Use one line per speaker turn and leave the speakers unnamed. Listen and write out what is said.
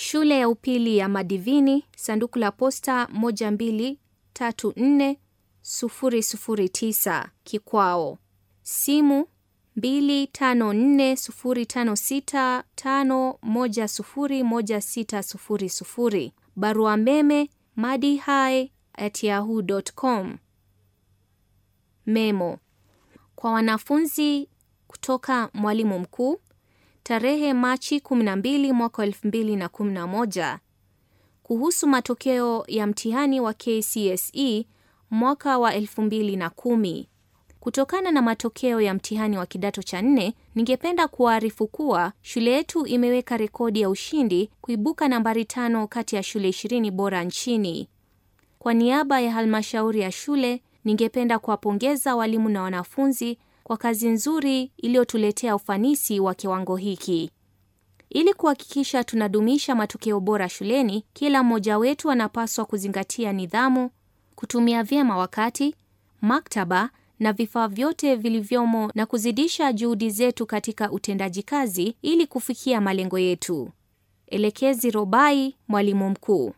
Shule ya Upili ya Madivini, sanduku la posta 12340009 Kikwao, simu 254056510160, barua meme madihai@yahoo.com. Memo kwa wanafunzi kutoka mwalimu mkuu tarehe Machi 12 mwaka 2011 kuhusu matokeo ya mtihani wa KCSE mwaka wa 2010. Kutokana na matokeo ya mtihani wa kidato cha nne, ningependa kuwaarifu kuwa shule yetu imeweka rekodi ya ushindi kuibuka nambari tano kati ya shule 20 bora nchini. Kwa niaba ya halmashauri ya shule, ningependa kuwapongeza walimu na wanafunzi kwa kazi nzuri iliyotuletea ufanisi wa kiwango hiki. Ili kuhakikisha tunadumisha matokeo bora shuleni, kila mmoja wetu anapaswa kuzingatia nidhamu, kutumia vyema wakati, maktaba na vifaa vyote vilivyomo na kuzidisha juhudi zetu katika utendaji kazi ili kufikia malengo yetu. Elekezi Robai, mwalimu mkuu.